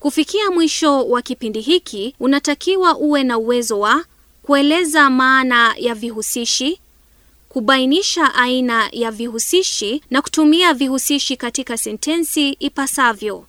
Kufikia mwisho wa kipindi hiki, unatakiwa uwe na uwezo wa kueleza maana ya vihusishi, kubainisha aina ya vihusishi na kutumia vihusishi katika sentensi ipasavyo.